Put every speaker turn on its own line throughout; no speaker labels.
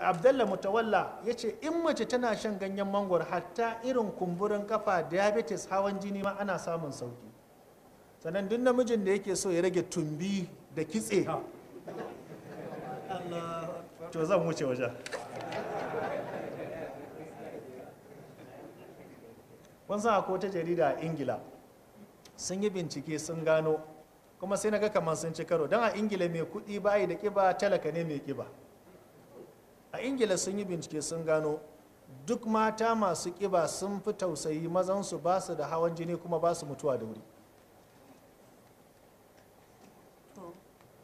abdalla mutawalla ya ce in mace tana shan ganyen mangwaro hatta irin kumburin kafa diabetes hawan jini ma ana samun sauki sannan duk namijin da yake so ya rage tumbi da kitse to zan wuce wajen kun san akwai wata jarida a ingila sun yi bincike sun gano kuma sai na ga kamar sun ci karo don a ingila mai kuɗi bayi da kiba talaka ne mai kiba. a ingila sun yi bincike sun gano duk mata masu ƙiba sun fi tausayi mazansu ba su da hawan jini kuma ba su mutuwa da wuri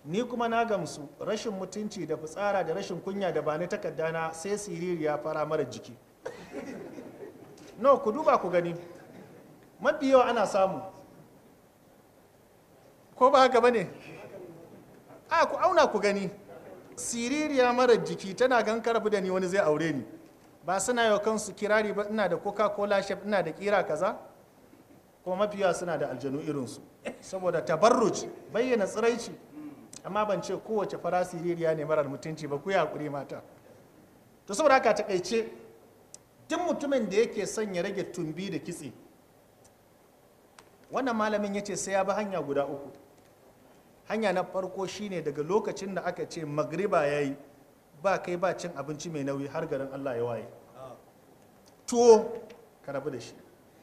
ni kuma na gamsu rashin mutunci da fitsara da rashin kunya da ba ni na sai siriri ya fara mara jiki no ku duba ku gani mafi yawa ana samu ko ba haka ba ne a ku auna ku gani siririya mara jiki tana gan karfi da ni wani zai aure ni ba suna yau kansu kirari ba ina da coca cola shef ina da kira kaza ko mafiya suna da aljanu irinsu saboda tabarruj bayyana tsiraici amma ban ce kowace fara siririya ne marar mutunci ba ku yi hakuri mata to saboda haka takaice duk mutumin da yake son ya rage tumbi da kitse wannan malamin ya ce sai ya bi hanya guda uku hanya na farko shine daga lokacin da aka ce magriba ya yi ba kai ba cin abinci mai nauyi har garin allah ya waye tuwo ka rabu da shi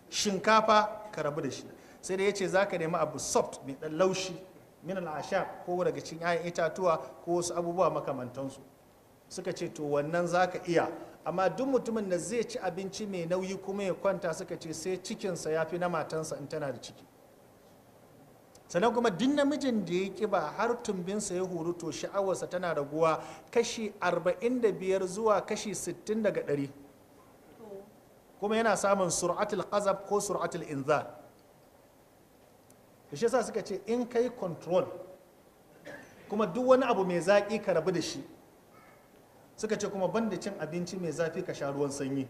shinkafa ka rabu da shi sai da ya ce za ka nemi abu soft mai dan laushi min al'asha ko daga cikin 'ya'yan itatuwa ko wasu abubuwa makamantansu suka ce to wannan za ka iya amma duk mutumin da zai ci abinci mai nauyi kuma ya kwanta suka ce sai cikinsa ya fi na matansa in tana da ciki sannan kuma duk namijin da ya kiba har tumbinsa ya huru to sha'awarsa tana raguwa kashi 45 zuwa kashi 60 daga 100 kuma yana samun sur'atul qazab ko sur'atul inzar shi yasa suka ce in kai control kuma duk wani abu mai zaƙi ka rabu da shi suka ce kuma banda cin abinci mai zafi ka sha ruwan sanyi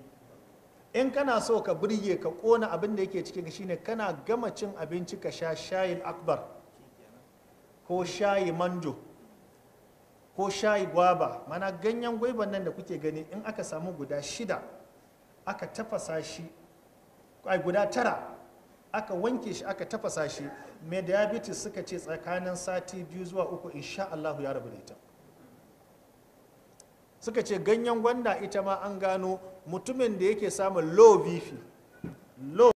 in kana so ka birge ka kona abin da yake cikin shine kana gama cin abinci ka sha shayin akbar ko shayi manjo ko shayi gwaba mana ganyen gwaiban nan da kuke gani in aka samu guda shida aka tafasa shi ai guda tara aka wanke shi aka tafasa shi mai diabetes suka ce tsakanin sati biyu zuwa uku insha Allah ya rabu da ita suka ce ganyen gwanda ita ma an gano mutumin da yake samun low low